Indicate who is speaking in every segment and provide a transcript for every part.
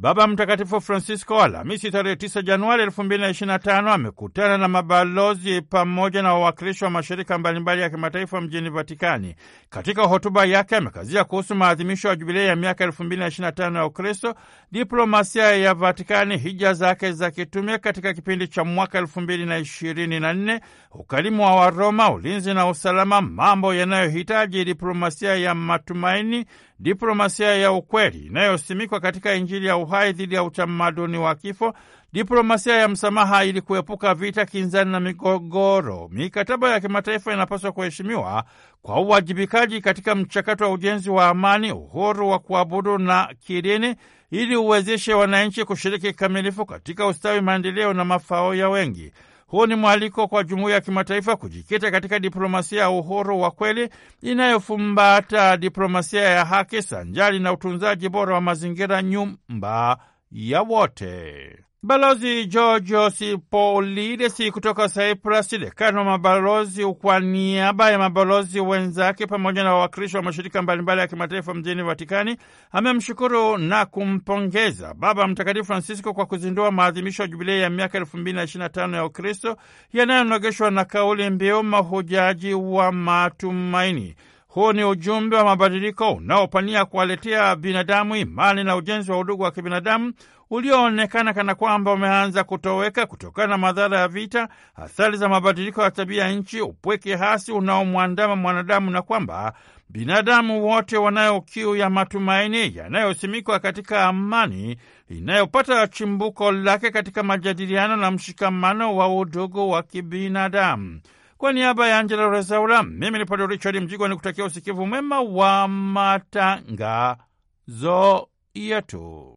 Speaker 1: Baba Mtakatifu Francisco Alhamisi tarehe 9 Januari 2025 amekutana na mabalozi pamoja na wawakilishi wa mashirika mbalimbali ya kimataifa mjini Vatikani. Katika hotuba yake amekazia kuhusu maadhimisho ya jubilei ya miaka 2025 ya Ukristo, diplomasia ya Vatikani, hija zake za kitume katika kipindi cha mwaka 2024, ukarimu wa Waroma, ulinzi na usalama, mambo yanayohitaji diplomasia ya matumaini diplomasia ya ukweli inayosimikwa katika Injili ya uhai dhidi ya utamaduni wa kifo, diplomasia ya msamaha ili kuepuka vita, kinzani na migogoro. Mikataba ya kimataifa inapaswa kuheshimiwa kwa uwajibikaji katika mchakato wa ujenzi wa amani, uhuru wa kuabudu na kidini, ili uwezeshe wananchi kushiriki kikamilifu katika ustawi, maendeleo na mafao ya wengi. Huu ni mwaliko kwa jumuiya ya kimataifa kujikita katika diplomasia ya uhuru wa kweli inayofumbata diplomasia ya haki sanjari na utunzaji bora wa mazingira, nyumba ya wote. Balozi Georgios Paulides kutoka Cyprus, dekano wa mabalozi, kwa niaba ya mabalozi wenzake pamoja na wawakilishi wa mashirika mbalimbali ya kimataifa mjini Vatikani, amemshukuru na kumpongeza Baba Mtakatifu Francisco kwa kuzindua maadhimisho ya jubilei ya miaka 2025 ya Ukristo yanayonogeshwa na kauli mbiu mahujaji wa matumaini. Huu ni ujumbe wa mabadiliko unaopania kuwaletea binadamu imani na ujenzi wa udugu wa kibinadamu ulioonekana kana kwamba umeanza kutoweka kutokana na madhara ya vita, athari za mabadiliko ya tabia ya nchi, upweke hasi unaomwandama mwanadamu, na kwamba binadamu wote wanayo kiu ya matumaini yanayosimikwa katika amani inayopata chimbuko lake katika majadiliano na mshikamano wa udugu wa kibinadamu. Kwa niaba ya Angela Rezaula, mimi ni Padre Richard Mjigwa, ni kutakia usikivu mwema wa matangazo yetu.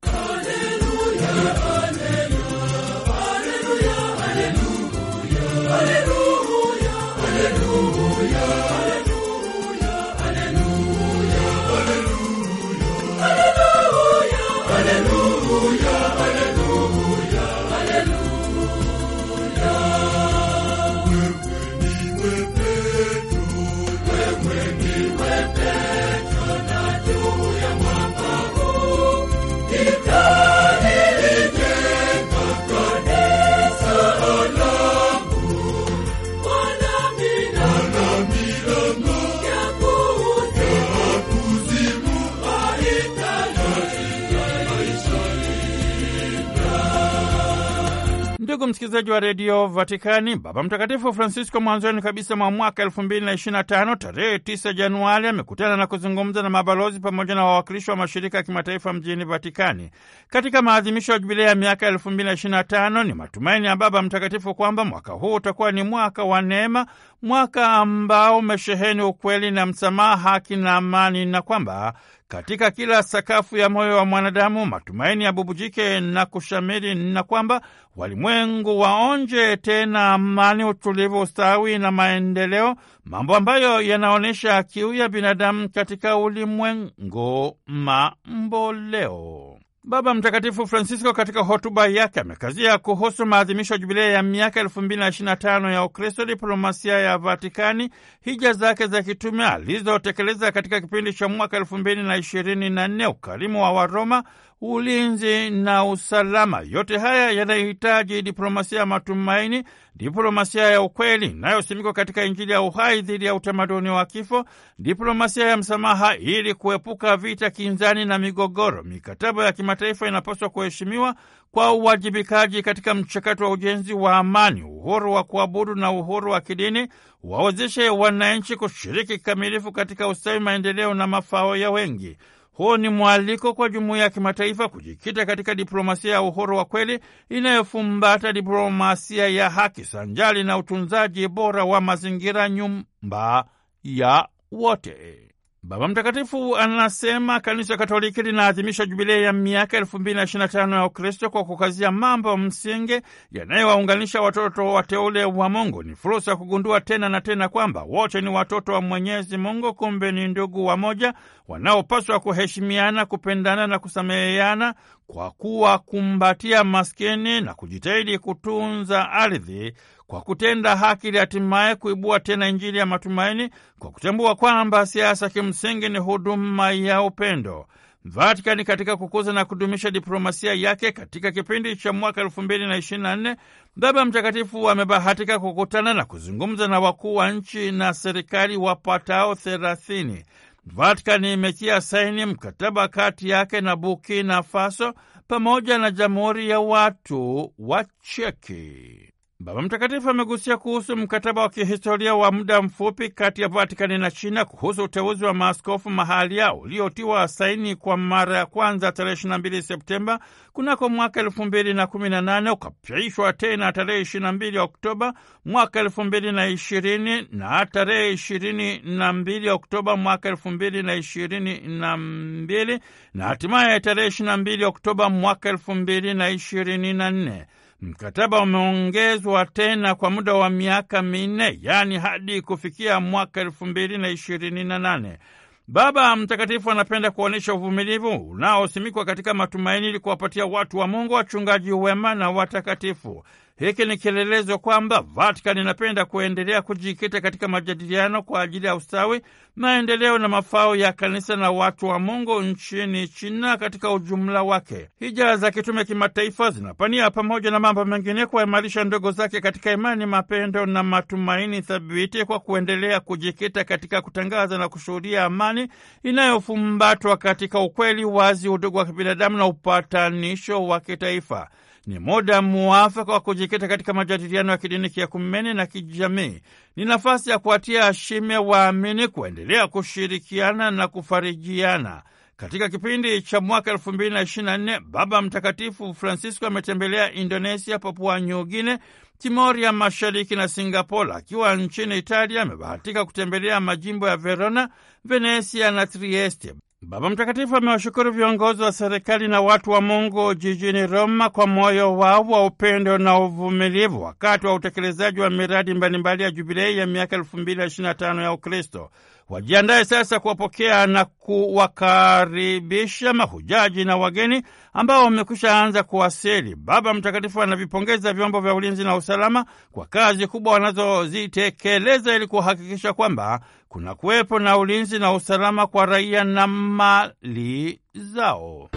Speaker 1: msikilizaji wa redio Vatikani, Baba Mtakatifu Francisco mwanzoni kabisa mwa mwaka elfu mbili na ishirini na tano tarehe tisa Januari amekutana na kuzungumza na mabalozi pamoja na wawakilishi wa mashirika ya kimataifa mjini Vatikani katika maadhimisho ya jubilei ya miaka elfu mbili na na tano. Ni matumaini ya Baba Mtakatifu kwamba mwaka huu utakuwa ni mwaka wa neema, mwaka ambao umesheheni ukweli na msamaha, haki na amani, na kwamba katika kila sakafu ya moyo wa mwanadamu matumaini ya na kushamiri, na kwamba walimwengu waonje tena amani, utulivu, ustawi na maendeleo, mambo ambayo yanaonyesha kiu ya binadamu katika ulimwengu mamboleo. Baba Mtakatifu Francisco katika hotuba yake amekazia kuhusu maadhimisho ya jubilia ya miaka elfu mbili na na tano ya Ukristo, diplomasia ya Vatikani, hija zake za kitume alizotekeleza katika kipindi cha mwaka elfu mbili na ishirini na nne, ukarimu wa Waroma, ulinzi na usalama. Yote haya yanahitaji diplomasia ya matumaini, diplomasia ya ukweli inayosimikwa katika Injili ya uhai dhidi ya utamaduni wa kifo, diplomasia ya msamaha ili kuepuka vita, kinzani na migogoro. Mikataba ya kimataifa inapaswa kuheshimiwa kwa uwajibikaji katika mchakato wa ujenzi wa amani. Uhuru wa kuabudu na uhuru wa kidini wawezeshe wananchi kushiriki kikamilifu katika ustawi, maendeleo na mafao ya wengi. Huu ni mwaliko kwa jumuiya ya kimataifa kujikita katika diplomasia ya uhuru wa kweli inayofumbata diplomasia ya haki sanjali na utunzaji bora wa mazingira, nyumba ya wote. Baba Mtakatifu anasema Kanisa Katoliki linaadhimisha jubilei ya miaka elfu mbili na tano ya Ukristo kwa kukazia mambo msingi yanayowaunganisha watoto wateule wa Mungu. Ni fursa ya kugundua tena na tena kwamba wote ni watoto wa Mwenyezi Mungu, kumbe ni ndugu wamoja wanaopaswa kuheshimiana, kupendana na kusameheana, kwa kuwa kumbatia maskini na kujitahidi kutunza ardhi kwa kutenda haki ili hatimaye kuibua tena Injili ya matumaini kwa kutambua kwamba siasa kimsingi ni huduma ya upendo. Vatikani katika kukuza na kudumisha diplomasia yake katika kipindi cha mwaka elfu mbili na ishirini na nne Baba Mtakatifu amebahatika kukutana na kuzungumza na wakuu wa nchi na serikali wapatao thelathini. Vatikani imetia saini mkataba kati yake na Burkina Faso pamoja na Jamhuri ya Watu wa Cheki. Baba Mtakatifu amegusia kuhusu mkataba wa kihistoria wa muda mfupi kati ya Vatikani na China kuhusu uteuzi wa maaskofu mahalia uliotiwa saini kwa mara ya kwanza tarehe 22 Septemba kunako mwaka 2018 ukapyaishwa tena tarehe 22 Oktoba mwaka 2020 na na tarehe 22 Oktoba mwaka 2022 na hatimaye tarehe 22 Oktoba mwaka 2024. Mkataba umeongezwa tena kwa muda wa miaka minne, yaani hadi kufikia mwaka elfu mbili na ishirini na nane. Baba Mtakatifu anapenda kuonyesha uvumilivu unaosimikwa katika matumaini ili kuwapatia watu wa Mungu wachungaji wema na watakatifu. Hiki ni kielelezo kwamba Vatican inapenda kuendelea kujikita katika majadiliano kwa ajili ya ustawi, maendeleo na mafao ya kanisa na watu wa Mungu nchini China katika ujumla wake. Hija za kitume kimataifa zinapania pamoja na mambo mengine kuimarisha ndogo zake katika imani, mapendo na matumaini thabiti kwa kuendelea kujikita katika kutangaza na kushuhudia amani inayofumbatwa katika ukweli, wazi, udugu wa kibinadamu na upatanisho wa kitaifa. Ni muda mwafaka wa kujikita katika majadiliano ya kidini, kiakumeni na kijamii. Ni nafasi ya kuwatia shime waamini kuendelea kushirikiana na kufarijiana. Katika kipindi cha mwaka elfu mbili na na nne Baba Mtakatifu Francisco ametembelea Indonesia, Papua New Guinea, ya Mashariki na Singapore. Akiwa nchini Italia, amebahatika kutembelea majimbo ya Verona, Venesia na Trieste. Baba Mtakatifu amewashukuru viongozi wa serikali na watu wa Mungu jijini Roma kwa moyo wao wa upendo na uvumilivu wakati wa utekelezaji wa miradi mbalimbali ya Jubilei ya miaka 2025 ya Ukristo. Wajiandaye sasa kuwapokea na kuwakaribisha mahujaji na wageni ambao wamekwisha anza kuwasili. Baba Mtakatifu anavipongeza vyombo vya ulinzi na usalama kwa kazi kubwa wanazozitekeleza ili kuhakikisha kwamba kuna kuwepo na ulinzi na usalama kwa raia na mali zao.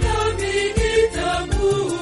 Speaker 2: tamu,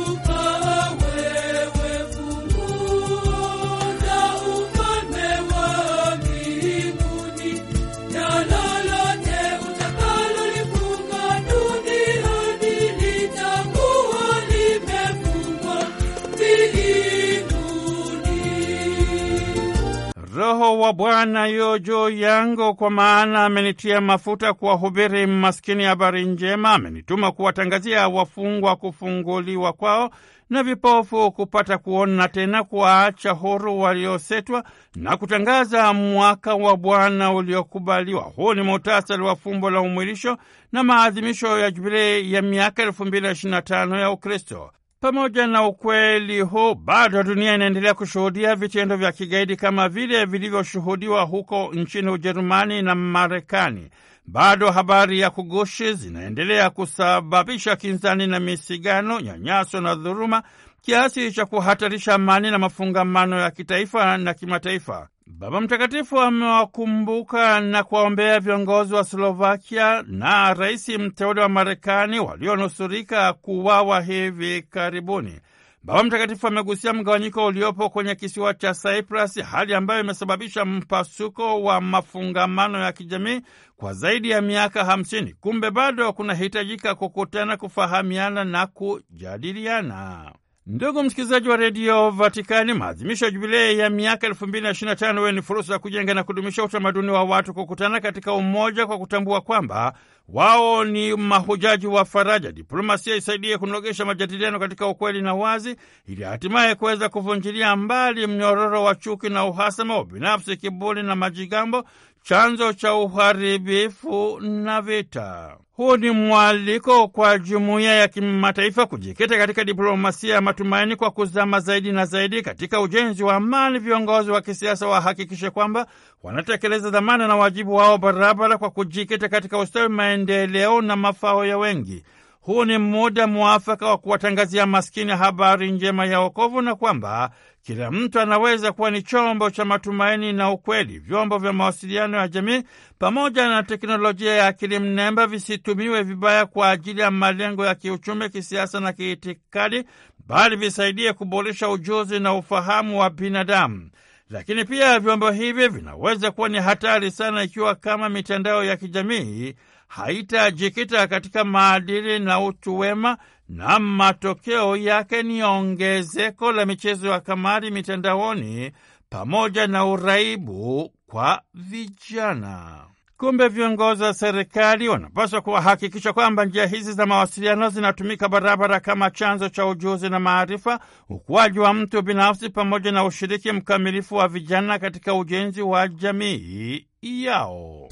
Speaker 1: wa Bwana yo juu yangu, kwa maana amenitia mafuta kuwahubiri maskini habari njema, amenituma kuwatangazia wafungwa kufunguliwa kwao na vipofu kupata kuona tena, kuwaacha huru waliosetwa na kutangaza mwaka wa Bwana uliokubaliwa. Huu ni muhtasari wa fumbo la umwilisho na maadhimisho ya jubilei ya miaka elfu mbili na ishirini na tano ya Ukristo. Pamoja na ukweli huu, bado dunia inaendelea kushuhudia vitendo vya kigaidi kama vile vilivyoshuhudiwa huko nchini Ujerumani na Marekani. Bado habari ya kugushi zinaendelea kusababisha kinzani na misigano, nyanyaso na dhuruma kiasi cha kuhatarisha amani na mafungamano ya kitaifa na kimataifa. Baba Mtakatifu amewakumbuka na kuwaombea viongozi wa Slovakia na rais mteule wa Marekani walionusurika kuwawa hivi karibuni. Baba Mtakatifu amegusia mgawanyiko uliopo kwenye kisiwa cha Cyprus, hali ambayo imesababisha mpasuko wa mafungamano ya kijamii kwa zaidi ya miaka hamsini. Kumbe bado kunahitajika kukutana, kufahamiana na kujadiliana. Ndugu msikilizaji wa redio Vatikani, maadhimisho ya jubilei ya miaka elfu mbili na ishirini tano ni fursa ya kujenga na kudumisha utamaduni wa watu kukutana katika umoja kwa kutambua kwamba wao ni mahujaji wa faraja. Diplomasia isaidie kunogesha majadiliano katika ukweli na wazi, ili hatimaye kuweza kuvunjilia mbali mnyororo wa chuki na uhasama wa binafsi, kiburi na majigambo, chanzo cha uharibifu na vita. Huu ni mwaliko kwa jumuiya ya kimataifa kujikita katika diplomasia ya matumaini kwa kuzama zaidi na zaidi katika ujenzi wa amani. Viongozi wa kisiasa wahakikishe kwamba wanatekeleza dhamana na wajibu wao barabara kwa kujikita katika ustawi, maendeleo na mafao ya wengi. Huu ni muda mwafaka wa kuwatangazia maskini habari njema ya wokovu na kwamba kila mtu anaweza kuwa ni chombo cha matumaini na ukweli. Vyombo vya mawasiliano ya jamii pamoja na teknolojia ya akili mnemba visitumiwe vibaya kwa ajili ya malengo ya kiuchumi, kisiasa na kiitikadi, bali visaidie kuboresha ujuzi na ufahamu wa binadamu. Lakini pia vyombo hivi vinaweza kuwa ni hatari sana ikiwa kama mitandao ya kijamii haitajikita katika maadili na utu wema na matokeo yake ni ongezeko la michezo ya kamari mitandaoni pamoja na uraibu kwa vijana. Kumbe viongozi wa serikali wanapaswa kuwahakikisha kwamba njia hizi za mawasiliano zinatumika barabara kama chanzo cha ujuzi na maarifa, ukuaji wa mtu binafsi, pamoja na ushiriki mkamilifu wa vijana katika ujenzi wa jamii yao.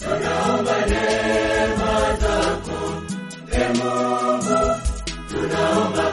Speaker 1: know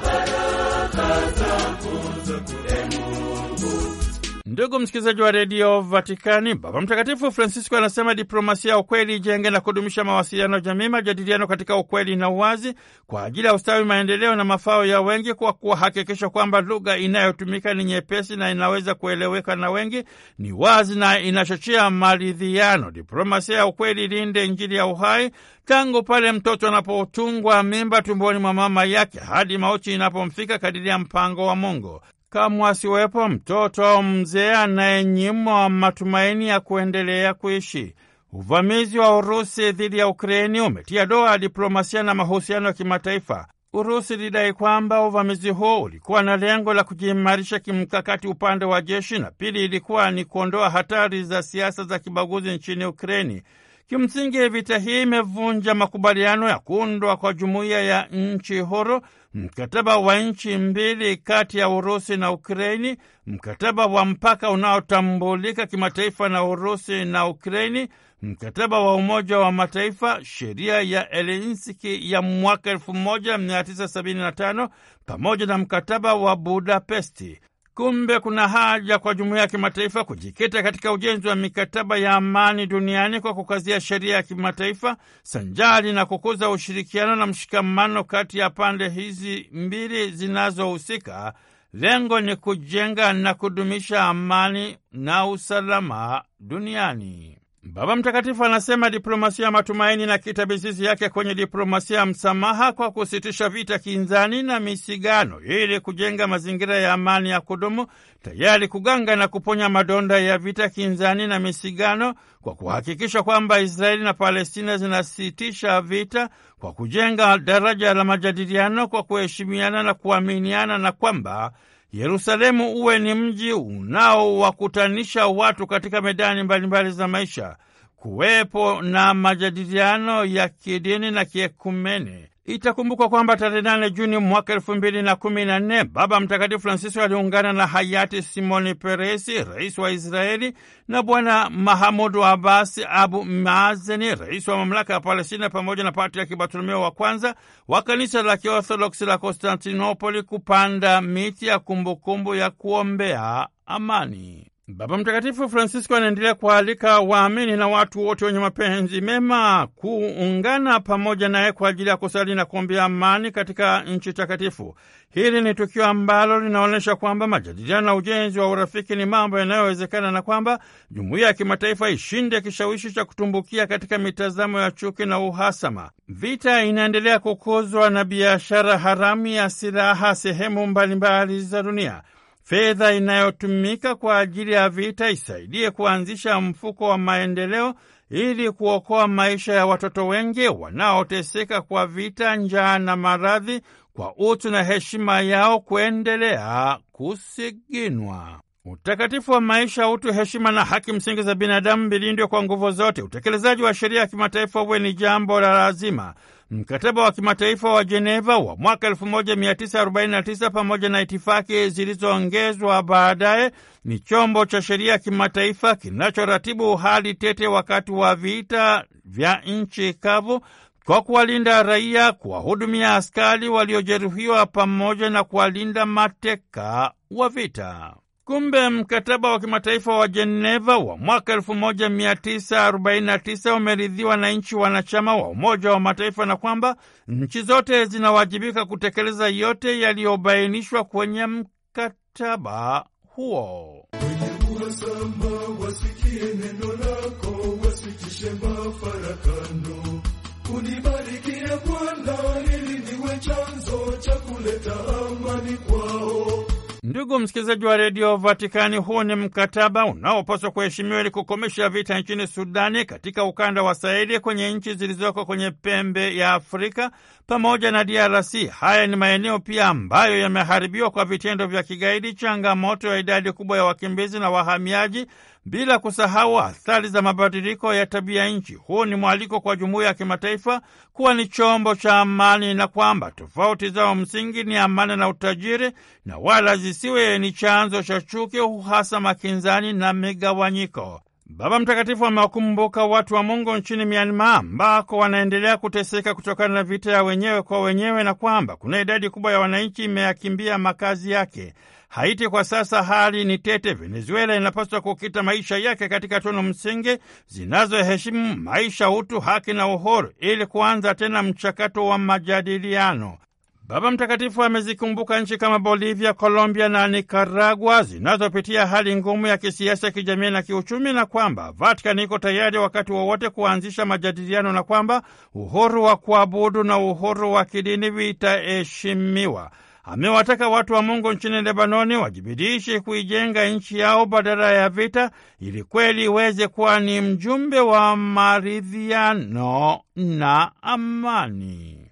Speaker 1: Ndugu msikilizaji wa redio Vatikani, Baba Mtakatifu Francisco anasema diplomasia ya ukweli ijenge na kudumisha mawasiliano jamii, majadiliano katika ukweli na uwazi kwa ajili ya ustawi, maendeleo na mafao ya wengi, kwa kuhakikisha kwamba lugha inayotumika ni nyepesi na inaweza kueleweka na wengi, ni wazi na inachochea maridhiano. Diplomasia ya ukweli ilinde Injili ya uhai tangu pale mtoto anapotungwa mimba tumboni mwa mama yake hadi mauti inapomfika kadiri ya mpango wa Mungu kamwe asiwepo mtoto au mzee anayenyimwa matumaini ya kuendelea kuishi. Uvamizi wa Urusi dhidi ya Ukreni umetia doa diplomasia na mahusiano ya kimataifa. Urusi ilidai kwamba uvamizi huo ulikuwa na lengo la kujiimarisha kimkakati upande wa jeshi, na pili ilikuwa ni kuondoa hatari za siasa za kibaguzi nchini ukreini Kimsingi, vita hii imevunja makubaliano ya kuundwa kwa jumuiya ya nchi huru mkataba wa nchi mbili kati ya Urusi na Ukraini, mkataba wa mpaka unaotambulika kimataifa na Urusi na Ukraini, mkataba wa Umoja wa Mataifa, sheria ya Helsinki ya mwaka 1975 pamoja na mkataba wa Budapesti. Kumbe kuna haja kwa jumuiya ya kimataifa kujikita katika ujenzi wa mikataba ya amani duniani kwa kukazia sheria ya kimataifa sanjari na kukuza ushirikiano na mshikamano kati ya pande hizi mbili zinazohusika. Lengo ni kujenga na kudumisha amani na usalama duniani. Baba Mtakatifu anasema diplomasia ya matumaini na kitabizizi yake kwenye diplomasia ya msamaha kwa kusitisha vita kinzani na misigano ili kujenga mazingira ya amani ya kudumu, tayari kuganga na kuponya madonda ya vita kinzani na misigano kwa kuhakikisha kwamba Israeli na Palestina zinasitisha vita kwa kujenga daraja la majadiliano kwa kuheshimiana na kuaminiana na kwamba Yerusalemu uwe ni mji unaowakutanisha watu katika medani mbalimbali za maisha, kuwepo na majadiliano ya kidini na kiekumene Itakumbukwa kwamba tarehe nane Juni mwaka elfu mbili na kumi na nne Baba Mtakatifu Francisco aliungana na hayati Simoni Peresi, rais wa Israeli, na Bwana Mahamudu Abasi Abu Maazeni, rais wa mamlaka ya Palestina, pamoja na Patriaki Bartolomeo wa kwanza wa kanisa la Kiorthodoksi la Konstantinopoli kupanda miti ya kumbukumbu ya kuombea amani. Baba Mtakatifu Francisco anaendelea kuwaalika waamini na watu wote wenye mapenzi mema kuungana pamoja naye kwa ajili ya kusali na kuombea amani katika nchi takatifu. Hili ni tukio ambalo linaonyesha kwamba majadiliano na ujenzi wa urafiki ni mambo yanayowezekana na kwamba jumuiya ya kimataifa ishinde kishawishi cha kutumbukia katika mitazamo ya chuki na uhasama. Vita inaendelea kukuzwa na biashara haramu ya silaha sehemu mbalimbali za dunia. Fedha inayotumika kwa ajili ya vita isaidie kuanzisha mfuko wa maendeleo ili kuokoa maisha ya watoto wengi wanaoteseka kwa vita, njaa na maradhi, kwa utu na heshima yao kuendelea kusiginwa. Utakatifu wa maisha, utu, heshima na haki msingi za binadamu vilindwe kwa nguvu zote. Utekelezaji wa sheria ya kimataifa uwe ni jambo la lazima mkataba wa kimataifa wa Jeneva wa mwaka 1949 pamoja na itifaki zilizoongezwa baadaye, ni chombo cha sheria ya kimataifa kinachoratibu hali tete wakati wa vita vya nchi kavu kwa kuwalinda raia, kuwahudumia askari waliojeruhiwa pamoja na kuwalinda mateka wa vita. Kumbe mkataba wa kimataifa wa Jeneva wa mwaka 1949 umeridhiwa na nchi wanachama wa Umoja wa Mataifa na kwamba nchi zote zinawajibika kutekeleza yote yaliyobainishwa kwenye mkataba huo.
Speaker 2: Bwana, ili niwe chanzo cha kuleta amani kwa
Speaker 1: Ndugu msikilizaji wa redio Vatikani, huu ni mkataba unaopaswa kuheshimiwa ili kukomesha vita nchini Sudani, katika ukanda wa Saidi, kwenye nchi zilizoko kwenye pembe ya Afrika, pamoja na DRC. Haya ni maeneo pia ambayo yameharibiwa kwa vitendo vya kigaidi, changamoto ya idadi kubwa ya wakimbizi na wahamiaji, bila kusahau athari za mabadiliko ya tabia nchi. Huu ni mwaliko kwa jumuiya ya kimataifa kuwa ni chombo cha amani na kwamba tofauti zao msingi ni amani na utajiri, na wala zisiwe ni chanzo cha chuki, uhasama, kinzani na migawanyiko. Baba Mtakatifu amewakumbuka watu wa Mungu nchini Myanmar ambako wanaendelea kuteseka kutokana na vita ya wenyewe kwa wenyewe na kwamba kuna idadi kubwa ya wananchi imeyakimbia makazi yake. Haiti kwa sasa hali ni tete. Venezuela inapaswa kukita maisha yake katika tunu msingi zinazoheshimu maisha, utu, haki na uhuru ili kuanza tena mchakato wa majadiliano. Baba Mtakatifu amezikumbuka nchi kama Bolivia, Colombia na Nikaragua zinazopitia hali ngumu ya kisiasa, kijamii na kiuchumi, na kwamba Vatikani iko tayari wakati wowote kuanzisha majadiliano, na kwamba uhuru wa kuabudu na uhuru wa kidini vitaheshimiwa. Amewataka watu wa Mungu nchini Lebanoni wajibidishi kuijenga nchi yao badala ya vita, ili kweli iweze kuwa ni mjumbe wa maridhiano na amani.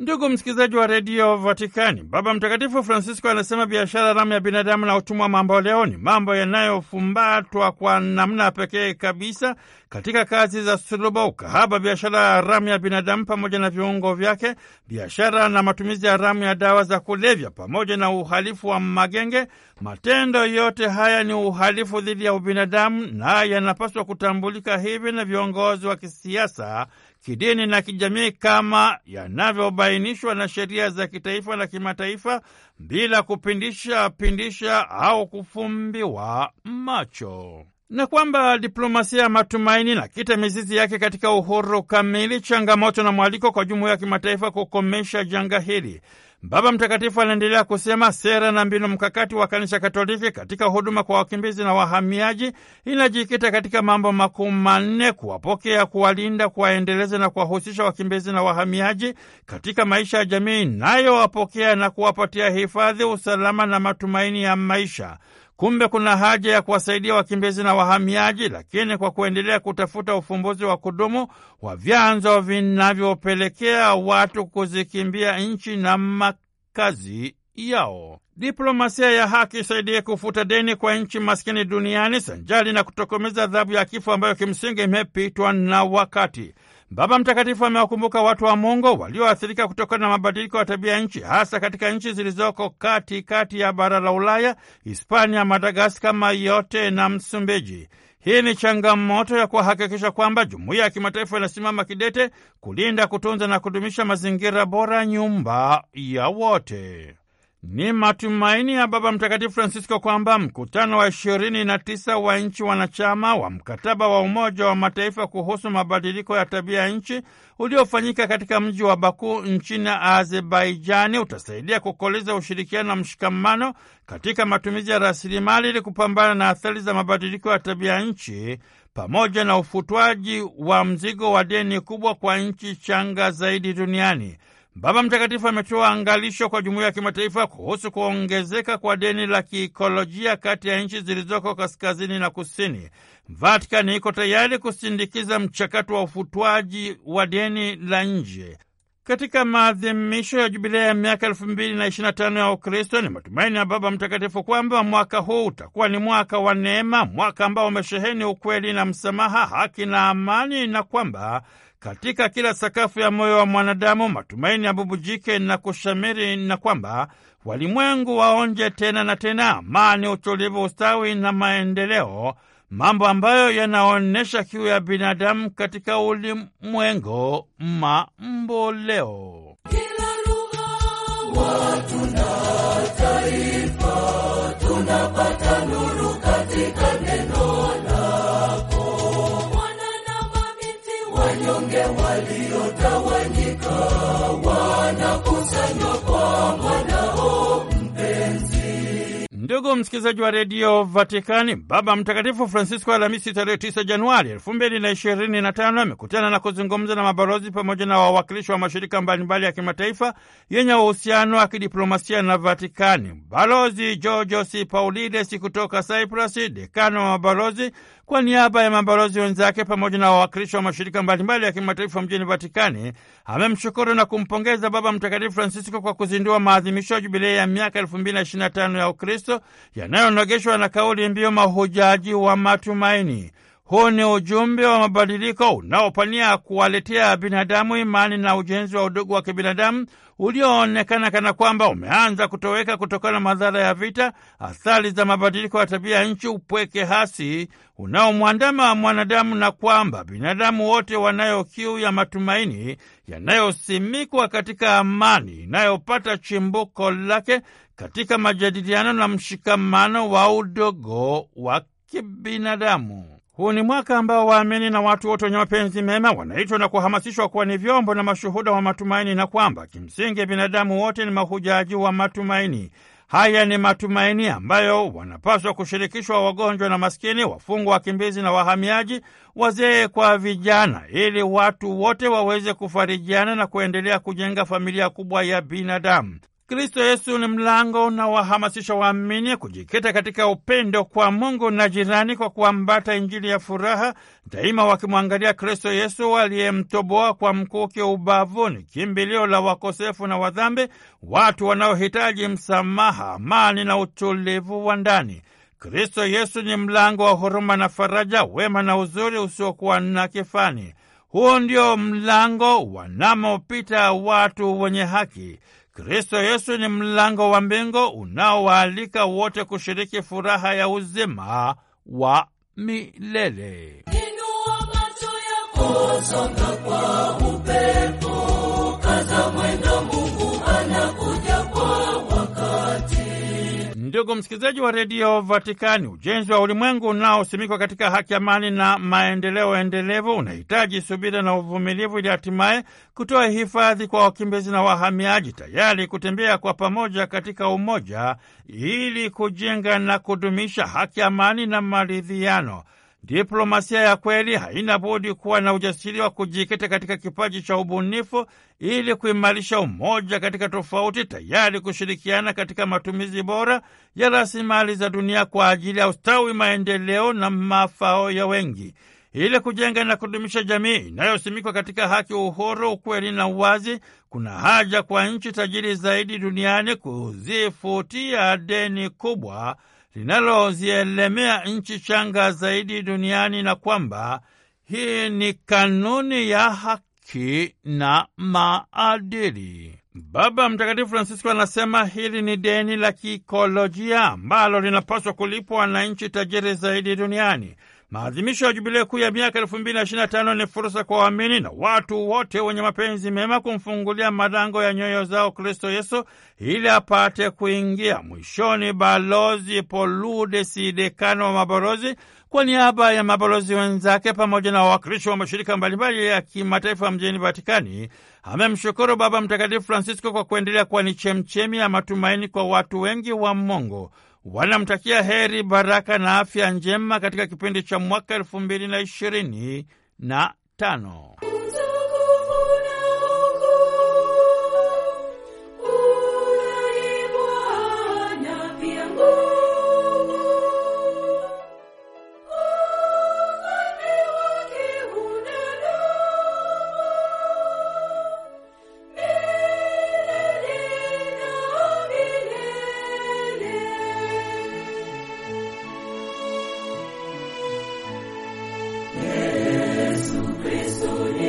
Speaker 1: Ndugu msikilizaji wa redio Vatikani, Baba Mtakatifu Francisco anasema biashara haramu ya binadamu na utumwa mambo ni mambo yanayofumbatwa kwa namna pekee kabisa katika kazi za suluba, ukahaba, biashara haramu ya binadamu pamoja na viungo vyake, biashara na matumizi haramu ya dawa za kulevya, pamoja na uhalifu wa magenge. Matendo yote haya ni uhalifu dhidi ya ubinadamu na yanapaswa kutambulika hivi na viongozi wa kisiasa kidini na kijamii kama yanavyobainishwa na sheria za kitaifa na kimataifa bila kupindisha pindisha au kufumbiwa macho na kwamba diplomasia ya matumaini na kita mizizi yake katika uhuru kamili, changamoto na mwaliko kwa jumuiya ya kimataifa kukomesha janga hili. Baba Mtakatifu anaendelea kusema sera na mbinu mkakati wa Kanisa Katoliki katika huduma kwa wakimbizi na wahamiaji inajikita katika mambo makuu manne: kuwapokea, kuwalinda, kuwaendeleza na kuwahusisha wakimbizi na wahamiaji katika maisha ya jamii inayowapokea na kuwapatia hifadhi, usalama na matumaini ya maisha. Kumbe kuna haja ya kuwasaidia wakimbizi na wahamiaji, lakini kwa kuendelea kutafuta ufumbuzi wa kudumu wa vyanzo vinavyopelekea watu kuzikimbia nchi na makazi yao. Diplomasia ya haki isaidie kufuta deni kwa nchi maskini duniani sanjali na kutokomeza adhabu ya kifo ambayo kimsingi imepitwa na wakati. Baba Mtakatifu amewakumbuka watu wa Mungu walioathirika kutokana na mabadiliko ya tabia nchi, hasa katika nchi zilizoko kati kati ya bara la Ulaya, Hispania, Madagaska, Mayote na Msumbiji. Hii ni changamoto ya kuhakikisha kwamba jumuiya ya kimataifa inasimama kidete kulinda, kutunza na kudumisha mazingira bora, nyumba ya wote. Ni matumaini ya Baba Mtakatifu Francisco kwamba mkutano wa ishirini na tisa wa nchi wanachama wa mkataba wa Umoja wa Mataifa kuhusu mabadiliko ya tabia ya nchi uliofanyika katika mji wa Baku nchini Azerbaijani utasaidia kukoleza ushirikiano na mshikamano katika matumizi ya rasilimali ili kupambana na athari za mabadiliko ya tabia nchi pamoja na ufutwaji wa mzigo wa deni kubwa kwa nchi changa zaidi duniani. Baba Mtakatifu ametoa angalisho kwa jumuiya ya kimataifa kuhusu kuongezeka kwa deni la kiikolojia kati ya nchi zilizoko kaskazini na kusini. Vatikani iko tayari kusindikiza mchakato wa ufutwaji wa deni la nje. Katika maadhimisho ya jubilea ya miaka elfu mbili na ishirini na tano ya Ukristo, ni matumaini ya Baba Mtakatifu kwamba mwaka huu utakuwa ni mwaka wa neema, mwaka ambao umesheheni ukweli na msamaha, haki na amani, na kwamba katika kila sakafu ya moyo wa mwanadamu matumaini yabubujike na kushamiri, na kwamba walimwengu waonje tena na tena amani, utulivu, ustawi na maendeleo, mambo ambayo yanaonyesha kiu ya binadamu katika ulimwengo mamboleo. Ndugu msikilizaji wa redio Vatikani, Baba Mtakatifu Francisco Alhamisi tarehe 9 Januari elfu mbili na ishirini na tano amekutana na kuzungumza na mabalozi pamoja na wawakilishi wa mashirika mbalimbali ya kimataifa yenye uhusiano wa kidiplomasia na Vatikani. Balozi Georgios Paulides kutoka Cyprus, dekano wa mabalozi kwa niaba ya mabalozi wenzake pamoja na wawakilishi wa mashirika mbalimbali ya kimataifa mjini Vatikani amemshukuru na kumpongeza Baba Mtakatifu Francisco kwa kuzindua maadhimisho ya jubilei ya miaka 2025 ya Ukristo yanayonogeshwa na kauli mbiu mahujaji wa matumaini. Huu ni ujumbe wa mabadiliko unaopania kuwaletea binadamu imani na ujenzi wa udugu wa kibinadamu ulioonekana kana kwamba umeanza kutoweka kutokana na madhara ya vita, athari za mabadiliko ya tabia ya nchi, upweke hasi unaomwandama mwanadamu, na kwamba binadamu wote wanayo kiu ya matumaini yanayosimikwa katika amani inayopata chimbuko lake katika majadiliano na mshikamano wa udogo wa kibinadamu. Huu ni mwaka ambao waamini na watu wote wenye mapenzi mema wanaitwa na kuhamasishwa kuwa ni vyombo na mashuhuda wa matumaini na kwamba kimsingi binadamu wote ni mahujaji wa matumaini. Haya ni matumaini ambayo wanapaswa kushirikishwa wagonjwa na maskini, wafungwa, wakimbizi na wahamiaji, wazee kwa vijana, ili watu wote waweze kufarijiana na kuendelea kujenga familia kubwa ya binadamu. Kristo Yesu ni mlango unawahamasisha waamini kujikita katika upendo kwa Mungu na jirani kwa kuambata Injili ya furaha daima, wakimwangalia Kristo Yesu aliyemtoboa kwa mkuki ubavuni, kimbilio la wakosefu na wadhambi, watu wanaohitaji msamaha, amani na utulivu wa ndani. Kristo Yesu ni mlango wa huruma na faraja, wema na uzuri usiokuwa na kifani. Huo ndio mlango wanamopita watu wenye haki. Kristo Yesu ni mlango wa mbingu unaowaalika wote kushiriki furaha ya uzima wa
Speaker 2: milele.
Speaker 1: Ndugu msikilizaji wa redio Vatikani, ujenzi wa ulimwengu unaosimikwa katika haki, amani na maendeleo endelevu unahitaji subira na uvumilivu, ili hatimaye kutoa hifadhi kwa wakimbizi na wahamiaji, tayari kutembea kwa pamoja katika umoja, ili kujenga na kudumisha haki, amani na maridhiano. Diplomasia ya kweli haina budi kuwa na ujasiri wa kujikita katika kipaji cha ubunifu ili kuimarisha umoja katika tofauti, tayari kushirikiana katika matumizi bora ya rasilimali za dunia kwa ajili ya ustawi, maendeleo na mafao ya wengi, ili kujenga na kudumisha jamii inayosimikwa katika haki, uhuru, ukweli na uwazi. Kuna haja kwa nchi tajiri zaidi duniani kuzifutia deni kubwa linalozielemea nchi changa zaidi duniani na kwamba hii ni kanuni ya haki na maadili. Baba Mtakatifu Francisco anasema hili ni deni la kiikolojia ambalo linapaswa kulipwa na nchi tajiri zaidi duniani. Maadhimisho ya jubilei kuu ya miaka elfu mbili na ishirini na tano ni fursa kwa waamini na watu wote wenye mapenzi mema kumfungulia malango ya nyoyo zao Kristo Yesu ili apate kuingia. Mwishoni, Balozi polude sidekano wa mabalozi kwa niaba ya mabalozi wenzake pamoja na wawakilishi wa mashirika mbalimbali ya kimataifa mjini Vatikani amemshukuru Baba Mtakatifu Francisco kwa kuendelea kuwa ni chemchemi ya matumaini kwa watu wengi wa Mungu wanamtakia heri, baraka na afya njema katika kipindi cha mwaka elfu mbili na ishirini na tano.
Speaker 2: Jesús, Jesús.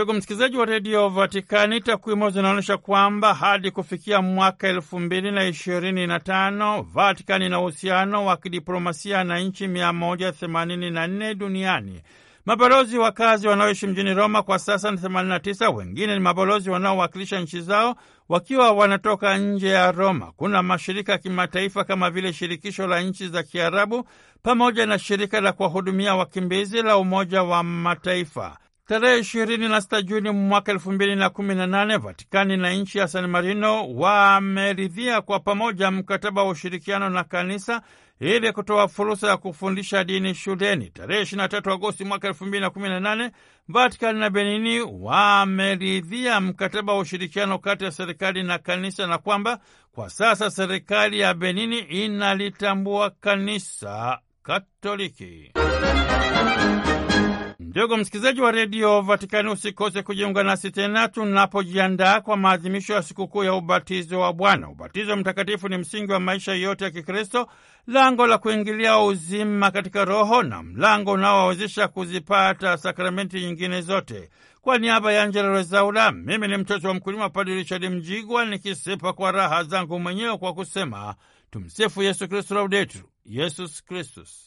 Speaker 1: Ndugu msikilizaji wa redio Vatikani, takwimu zinaonyesha kwamba hadi kufikia mwaka elfu mbili na ishirini na tano Vatikani ina uhusiano wa kidiplomasia na nchi mia moja themanini na nne duniani. Mabalozi wa kazi wanaoishi mjini Roma kwa sasa ni 89. Wengine ni mabalozi wanaowakilisha nchi zao wakiwa wanatoka nje ya Roma. Kuna mashirika ya kimataifa kama vile Shirikisho la Nchi za Kiarabu pamoja na Shirika la Kuwahudumia Wakimbizi la Umoja wa Mataifa. Tarehe ishirini na sita Juni mwaka elfu mbili na kumi na nane Vatikani na nchi ya San Marino wameridhia kwa pamoja mkataba wa ushirikiano na kanisa ili kutoa fursa ya kufundisha dini shuleni. Tarehe tatu Agosti mwaka nane Vatikani na Benini wameridhia mkataba wa ushirikiano kati ya serikali na kanisa, na kwamba kwa sasa serikali ya Benini inalitambua kanisa Katoliki. Ndugu msikilizaji wa redio Vatikani, usikose kujiunga nasi tena tunapojiandaa kwa maadhimisho ya sikukuu ya ubatizo wa Bwana. Ubatizo mtakatifu ni msingi wa maisha yote ya Kikristo, lango la kuingilia uzima katika Roho na mlango unaowawezesha kuzipata sakramenti nyingine zote. Kwa niaba ya Angela Rezaula, mimi ni mtoto wa mkulima Padri Richard Mjigwa, nikisepa kwa raha zangu mwenyewe kwa kusema tumsifu Yesu Kristu, laudetur Yesus Kristus.